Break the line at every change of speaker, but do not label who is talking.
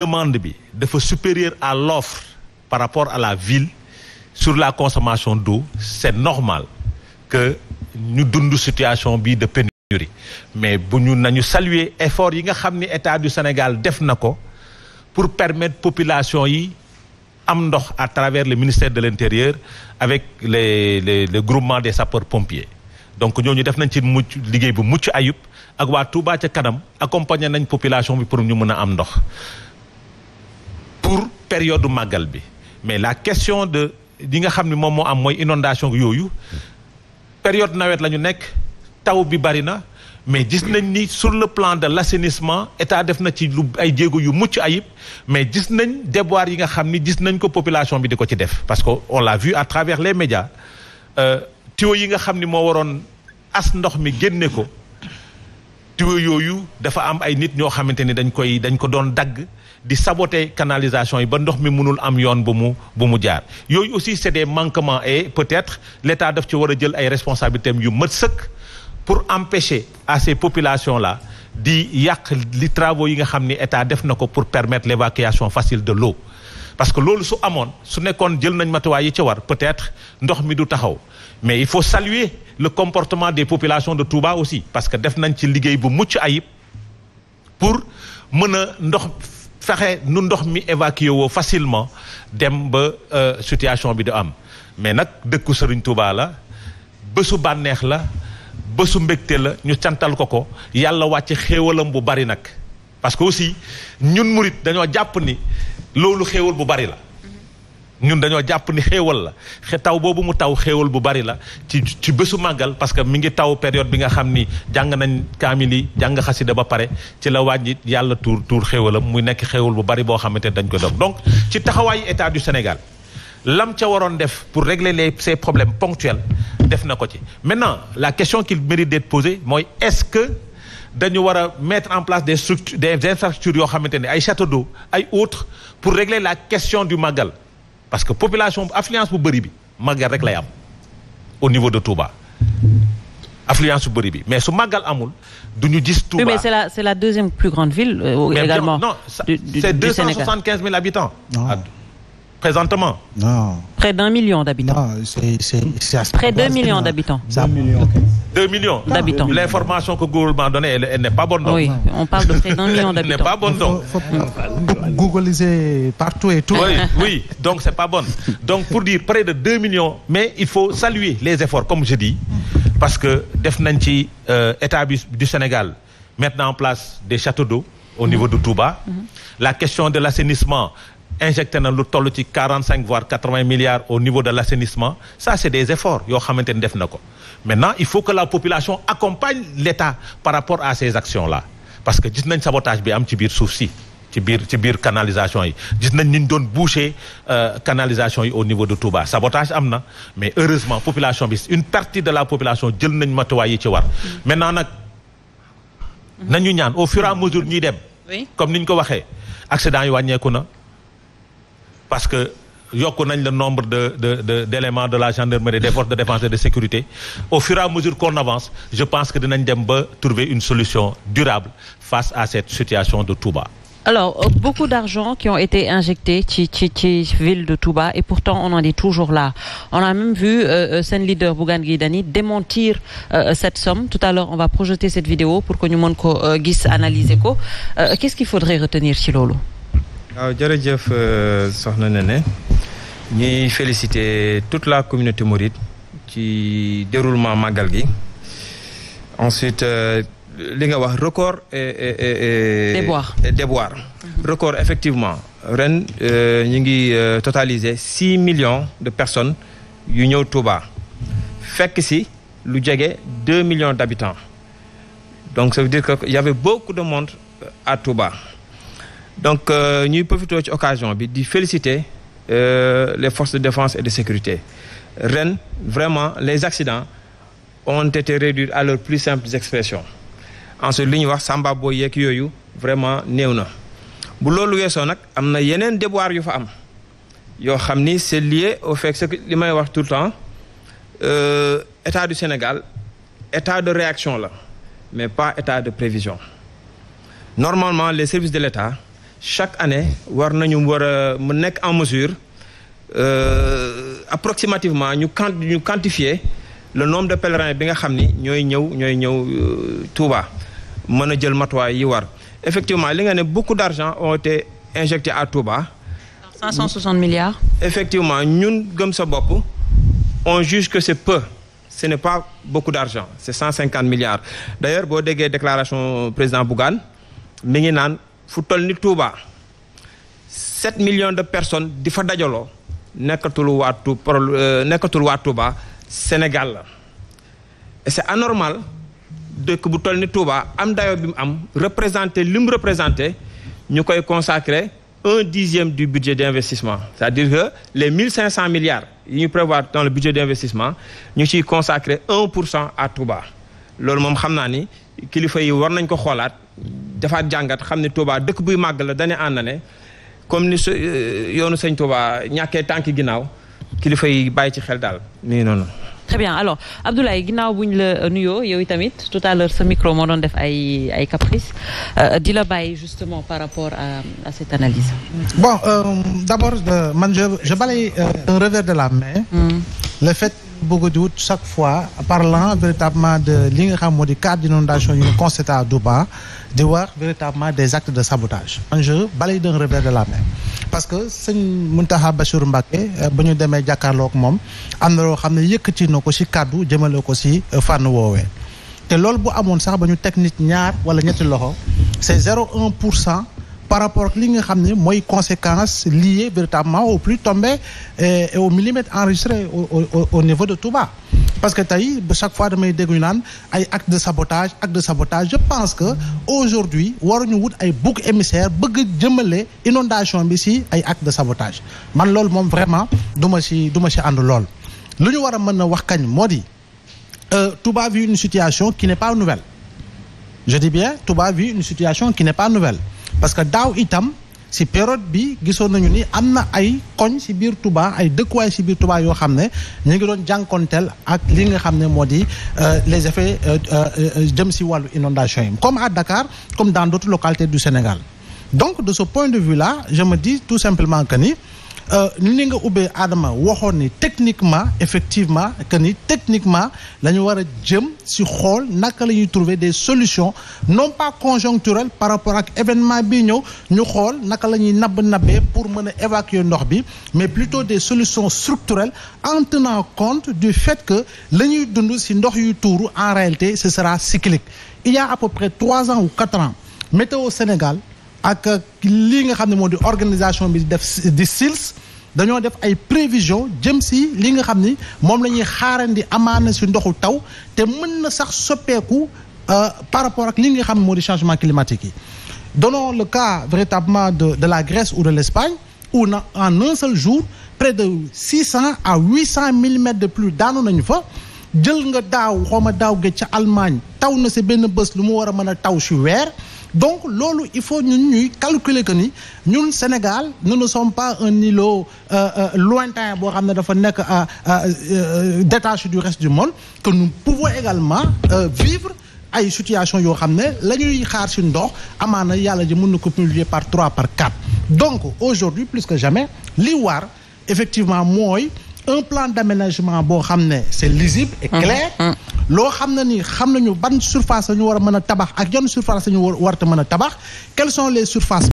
demande bi dafa supérieur à l'offre par rapport à la ville sur la consommation d'eau c'est normal que ñu dund situation bii de pénurie mais bu ñu nañu saluer effort yi nga xam ni état du Sénégal def na ko pour permettre population yi am ndox à travers le ministère de l'intérieur avec les les le groupement des sapor pompiers donc ñooñu def nañ ci mucc liggéey bu mucc ayib ak waa Touba ca kanam accompagner nañ population bi pour ñu mën a am ndox pour période màggal bi mais la question de li nga xam ne moom moo am mooy inondation yooyu période nawet la ñu nekk taw bi bari na mais gis nañ ni sur le plan de l'assainissement état def na ci lu ay jéego yu mucc ayib mais gis nañ déboires yi nga xam ni gis nañ ko population bi di ko ci def parce que on l'a vu à travers les médias euh, tuyaux yi nga xam ni moo waroon as ndox mi génne ko tuyaux yooyu dafa am ay nit ñoo xamante ni dañ koy dañ ko doon dagg di sabote canalisation yi ba ndox mi mënul am yoon bu mu bu mu jaar yooyu aussi c'est des manquements et peut-être l'État def ci war a jël ay responsabilités yu mat sëkk pour empêcher à ces populations là di yàq li travaux yi nga xam ni État def na ko pour permettre l'évacuation facile de l'eau parce que loolu su amoon su nekkoon jël nañ matuwaay yi ci war peut-être ndox mi du taxaw mais il faut le comportement des population de Touba aussi parce que def nañ ci liggéey bu mucc ayib pour mën a ndox fexe nu ndox mi évacuer woo facilement dem ba euh, situation bi du am mais nag dëkku Serigne Touba la bésu bànneex la bésu mbégte la ñu cantal ko ko yàlla wàcc xéewalam bu bari nag parce que aussi ñun murit dañoo jàpp ni loolu xéewal bu bari la ñun dañoo jàpp ni xéewal la xe taw boobu mu taw xéewal bu bari la ci ci bésu màggal parce que mi ngi taw période bi nga xam ni jàng nañ kaamil yi jàng xasida ba pare ci la wàññi yàlla tuur tuur xéewalam mu nekk xéewal bu bari boo xamante ne dañ ko def donc ci taxawaayu état du Sénégal lam ca waroon def pour régler les ces problèmes ponctuels def na ko ci maintenant la question qu'il mérite d'être posée mooy est-ce que dañu war a mettre en place des structures des infrastructures yoo xamante ne ay châteaux d'eau ay autres pour régler la question du màggal parce que population affluence bu bëri bi màggal rek lay am au niveau de Touba affluence bu bëri bi mais su màggal amul du ñu gis. Touba oui, mais c'est
la c'est la deuxième plus grande ville. Euh, également non,
c'est habitants. Ah. Ah. présentement.
Non. Près d'un million d'habitants. Non, c'est Près d'un million d'habitants.
d'habitants. L'information que Google m'a de d'un million d'habitants. Elle n'est pas bonne donc. pour dire près de deux millions, mais il faut saluer les efforts, comme je dis, parce que def nañ ci euh, état bi du Sénégal mettre en place des châteaux d'eau au niveau de Touba. Mm-hmm. La question de l'assainissement. injecté na lu toll ci quarante cinq voire quatre vingt milliards au niveau de l' assainissement ça c' est des efforts yoo xamante ni def na ko maintenant il faut que la population accompagne l' état par rapport à ces actions là parce que gis nañ sabotage bi am ci biir suuf si ci biir ci biir canalisation yi gis nañ ni ñu doon boucher euh, canalisation yi au niveau de Touba sabotage am na mais heureusement population bi une partie de la population jël nañ matuwaay yi ci war maintenant nag nañu ñaan au fur et à ñuy dem comme ni ñu ko waxee accident yi wàññeeku na parce que yokk nañ le nombre de de d' la gendarmerie des forces de défense et de sécurité au fur et à mesure qu'on avance je pense que dinañ dem ba trouver une solution durable face à cette situation de Touba.
alors euh, beaucoup d'argent qui ont été injectés ci ci ci ville de Touba et pourtant on en est toujours là on a même vu euh, euh seen leader Bougane Gueye Dany démentir euh, euh, cette somme tout à l'heure on va projeter cette vidéo pour que ñu mën ko euh, gis analyser ko qu'est-ce qu'il faudrait ci loolu.
waaw jërëjëf euh, soxna Néné ñuy féliciter toute la communauté mouride ci déroulement màggal gi ensuite euh, li nga wax record et et et. déboire mhm. record effectivement ren euh, ñu ngi totaliser six millions de personnes yu ñëw Touba fekk si lu jege deux millions d'habitants donc ça veut dire que y beaucoup de monde à Touba. donc euh, ñuy profité ci occasion bi di féliciter euh, les forces de défense et de sécurité ren vraiment les accidents ont été réduits à leurs plus simples expressions ensuite li ñuy wax samba boo yeeg yooyu vraiment néew na bu loolu weesoo nag am na yeneen déboires yu fa am yoo xam ni c'est lié au fait que li may wax tout le temps euh, état du Sénégal état de réaction la mais pas état de prévision normalement les services de l'État chaque année war nañu war a mu nekk en mesure euh, approximativement ñu quant ñu quantifier le nombre de pèlerins bi nga xam ni ñooy ñëw ñooy ñëw euh, Touba mën a jël matuwaay yi war effectivement li nga ne beaucoup d' argent ont été injectés à Touba. 560 milliards. effectivement ñun gëm sa bopp on juge que c' est peu. ce n'est pas beaucoup d'argent c'est 150 milliards d'ailleurs boo déggee déclaration président Bougane mi naan fu toll ni Touba sept millions de personnes di fa dajaloo nekkatul waa Tou euh, nekkatul waa Touba Sénégal la et c'est anormal dëkk bu toll ni Touba am dayo bi mu am représenté li mu représenté ñu koy consacrer un dixième du budget d'investissement c'est-à-dire que les mille cinq cent milliards yi ñu prévoir dans le budget d'investissement ñu ciy consacrer un pour cent à Touba loolu moom xam naa ni kilifa yi war nañ ko xoolaat defaat jàngat xam ne Touba dëkk buy màgg la dane ànd ne comme ni su euh, yoonu sëñ ñàkkee tànki ginnaaw kilifa yi bàyyi ci xel daal nii noonu.
très bien alors Abdoulaye ginnaaw bu la euh, nuyoo yow tamit tout à l'heure sa micro moo doon def ay caprice euh, di la bàyyi justement par rapport à à cette analyse. bon euh, d'abord je je un revers la main. Mm. le fait bëgg di wut chaque fois parlant véritablement de li nga xam moo di cas d'inondation yu ñu constaté à Duba di wax véritablement des actes de sabotage enjeu balayi d'un revers de la main parce que sëñ Muntaxa Bachir Mbacké euh, ba ñu demee jàkkaarloog moom am na loo xam ne yëkkati na ko ci kaddu jëmale ko ci euh, fànn woowee te loolu bu amoon sax ba ñu teg ñaar wala ñetti loxo c'est par rapport ak li nga xam ne mooy conséquence liée véritablement aux pluies tombées eh, et aux millimètres enregistrés au, niveau de Touba parce que tey chaque fois damay dégg ñu naan ay acte de sabotage acte de sabotage je pense que aujourd'hui waruñu wut ay bouc émissaire bëgg jëmale inondation bi si ay acte de sabotage man loolu moom vraiment du ma si du ma ànd lool lu ñu war a mën a wax kañ moo di euh, Touba vit une situation qui n'est pas nouvelle je dis bien Touba vit une situation qui pas nouvelle parce que daaw itam si période bi gisoon nañu ni am na ay koñ si biir tubaa ay dëkkuwaay si biir Touba yoo xam ne ñu ngi doon jànkonteel ak li nga xam ne moo di euh, les effets euh, euh, jëm si wàllu inondation yi comme à Dakar comme dans d'autres localités du Sénégal donc de ce point de vue là je me dis tout simplement que nii Euh, ni nga ubbee Adama waxoon ni techniquement effectivement que ni techniquement la ñu war a jëm si xool naka la ñuy trouver des solutions non pas conjoncturelles par rapport ak événement bi ñëw ñu xool naka la ñuy nabb nabbee pour mën a évacuer ndox bi mais plutôt des solutions structurelles en tenant compte du fait que la ñuy dund si ndox yuy tuuru en réalité ce sera cyclique il y à peu près trois ans ou quatre ans météo Sénégal ak lii nga xam ne moo di organisation bi def di SILS dañoo def ay prévision jëm si li nga xam ni moom la ñuy xaarandi amaana si ndoxu taw te mën na sax soppeeku euh, par rapport ak li nga xam ne moo di changement climatique yi dono le cas véritablement de de la Grèce ou de l'Espagne où na en un seul jour près de six cent à huit cent millimètres de plus daanu nañu fa jël nga daaw xaw ma daaw ga ca Allemagne taw na si benn bés lu mu war a mën a taw si weer donc loolu il faut nu ñuy calculer que ni ñun Sénégal nous ne sommes pas un nilo euh, euh, lointain boo xam ne dafa nekk à euh, détaché du reste du monde que nous pouvons également euh, vivre ay situation yoo xam ne la ñuy xaar ci ndox na yàlla ji mën na ko multiplier par trois par quatre donc aujourd'hui plus que jamais li war effectivement mooy un plan d'aménagement boo xam ne c'est lisible et clair. Mmh, mmh. loo xam na ni xam nañu ban surface la ñu war a mën a tabax ak yan surface sañu ñu war warta mën a tabax quelles sont les surfaces